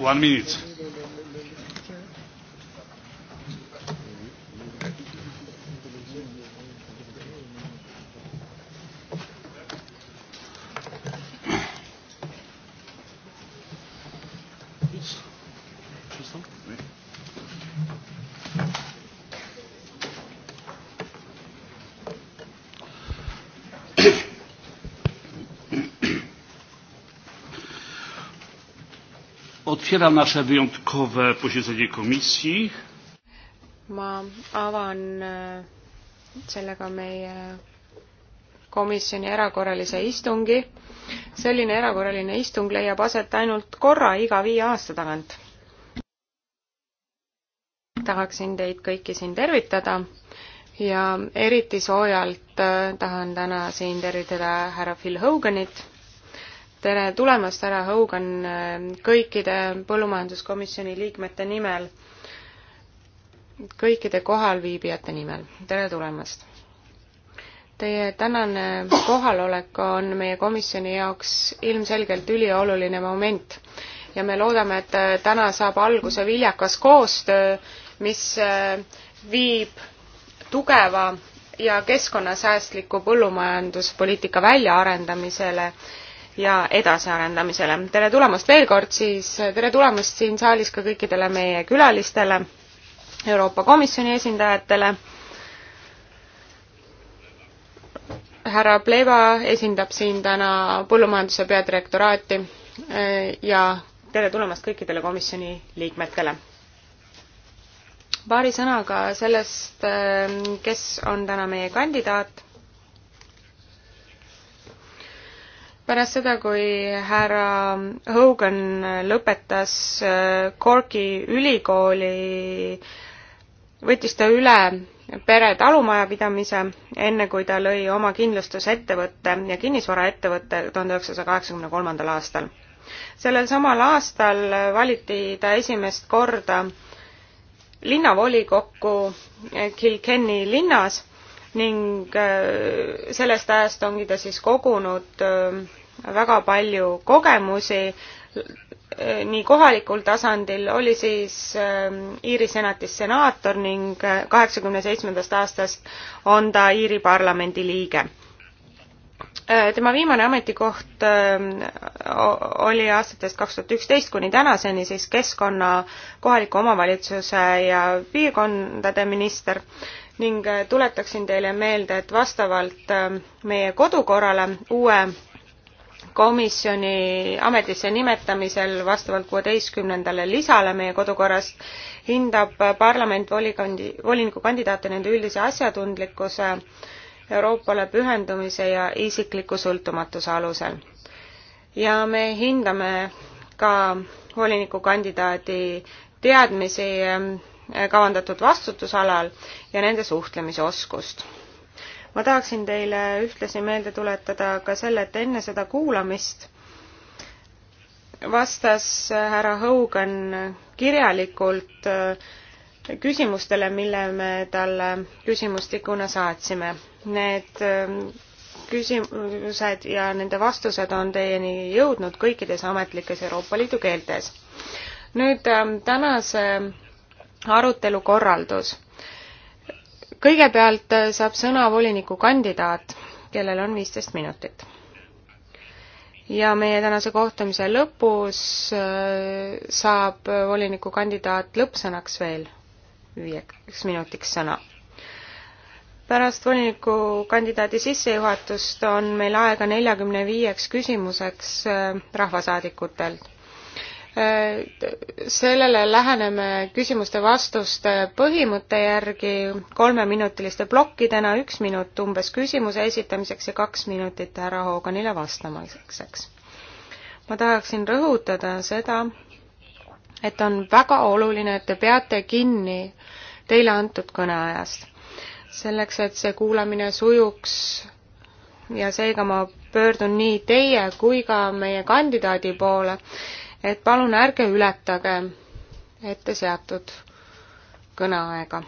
One minute. Otwieram nasze wyjątkowe posiedzenie komisji. Ma avan e, sellega meie komisjoni erakorralise istungi. selline erakorraline istung leiab aset ainult korra iga viie aasta tagant. tahaksin teid kõiki siin tervitada ja eriti soojalt e, tahan täna siin tervitada härra Phil Hoganit tere tulemast, härra Hogan, kõikide põllumajanduskomisjoni liikmete nimel, kõikide kohalviibijate nimel, tere tulemast! Teie tänane kohalolek on meie komisjoni jaoks ilmselgelt ülioluline moment ja me loodame, et täna saab alguse viljakas koostöö, mis äh, viib tugeva ja keskkonnasäästliku põllumajanduspoliitika väljaarendamisele ja edasiarendamisele. tere tulemast veel kord siis, tere tulemast siin saalis ka kõikidele meie külalistele, Euroopa Komisjoni esindajatele. härra Pleva esindab siin täna põllumajanduse peadirektoraati e, ja tere tulemast kõikidele komisjoni liikmetele. paari sõnaga sellest, e, kes on täna meie kandidaat pärast seda, kui härra Hogan lõpetas äh, Corki ülikooli, võttis ta üle pere talumajapidamise, enne kui ta lõi oma kindlustusettevõtte ja kinnisvaraettevõtte tuhande üheksasaja kaheksakümne kolmandal aastal. sellel samal aastal valiti ta esimest korda linnavolikokku äh, Kilkenni linnas ning äh, sellest ajast ongi ta siis kogunud väga palju kogemusi nii kohalikul tasandil, oli siis ähm, Iiri senatis senaator ning äh, kaheksakümne seitsmendast aastast on ta Iiri parlamendi liige. Äh, tema viimane ametikoht ähm, oli aastatest kaks tuhat üksteist kuni tänaseni siis keskkonna, kohaliku omavalitsuse ja piirkondade minister ning äh, tuletaksin teile meelde, et vastavalt ähm, meie kodukorrale uue komisjoni ametisse nimetamisel vastavalt kuueteistkümnendale lisale meie kodukorrast hindab parlament volikondi, volinikukandidaate nende üldise asjatundlikkuse, Euroopale pühendumise ja isikliku sõltumatuse alusel. ja me hindame ka volinikukandidaadi teadmisi eh, kavandatud vastutusalal ja nende suhtlemisoskust ma tahaksin teile ühtlasi meelde tuletada ka selle, et enne seda kuulamist vastas härra Hogan kirjalikult äh, küsimustele, mille me talle küsimustikuna saatsime. Need ähm, küsimused ja nende vastused on teieni jõudnud kõikides ametlikes Euroopa Liidu keeltes. nüüd ähm, tänase arutelu korraldus kõigepealt äh, saab sõna volinikukandidaat, kellel on viisteist minutit. ja meie tänase kohtumise lõpus äh, saab volinikukandidaat lõppsõnaks veel viieks minutiks sõna pärast volinikukandidaadi sissejuhatust on meil aega neljakümne viieks küsimuseks äh, rahvasaadikutelt sellele läheneme küsimuste-vastuste põhimõtte järgi kolmeminutiliste plokkidena, üks minut umbes küsimuse esitamiseks ja kaks minutit härra Hooganile vastamiseks. ma tahaksin rõhutada seda, et on väga oluline, et te peate kinni teile antud kõneajast. selleks, et see kuulamine sujuks ja seega ma pöördun nii teie kui ka meie kandidaadi poole, et palun ärge ületage ette seatud kõneaega.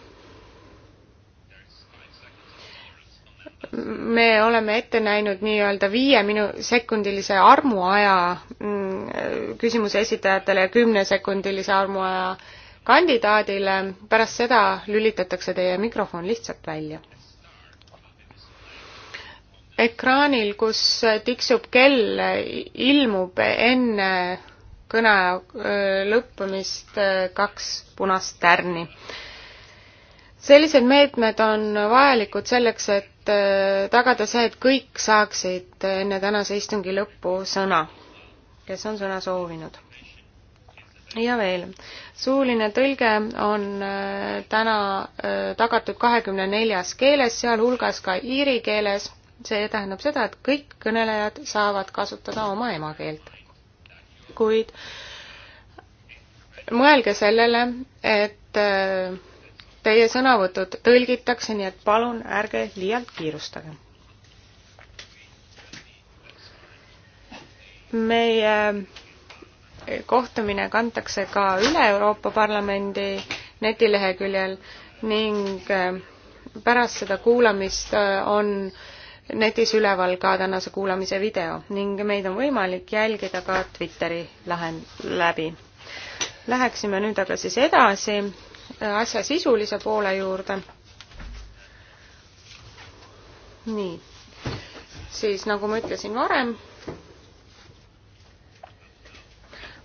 me oleme ette näinud nii-öelda viie minu-, sekundilise armuaja mm, küsimuse esitajatele ja kümnesekundilise armuaja kandidaadile, pärast seda lülitatakse teie mikrofon lihtsalt välja ekraanil, kus tiksub kell, ilmub enne kõne lõppemist kaks punast tärni. sellised meetmed on vajalikud selleks, et tagada see, et kõik saaksid enne tänase istungi lõppu sõna, kes on sõna soovinud. ja veel, suuline tõlge on täna tagatud kahekümne neljas keeles, sealhulgas ka iiri keeles see tähendab seda, et kõik kõnelejad saavad kasutada oma emakeelt kuid mõelge sellele, et äh, teie sõnavõtud tõlgitakse, nii et palun ärge liialt kiirustage. meie äh, kohtumine kantakse ka üle Euroopa Parlamendi netileheküljel ning äh, pärast seda kuulamist on äh, netis üleval ka tänase kuulamise video ning meid on võimalik jälgida ka Twitteri lahend-, läbi. Läheksime nüüd aga siis edasi äh, asja sisulise poole juurde. nii, siis nagu ma ütlesin varem,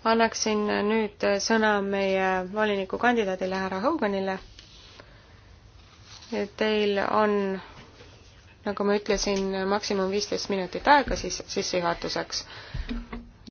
annaksin nüüd sõna meie volinikukandidaadile härra Hoganile. Teil on nagu ma ütlesin, maksimum viisteist minutit aega siis sissejuhatuseks.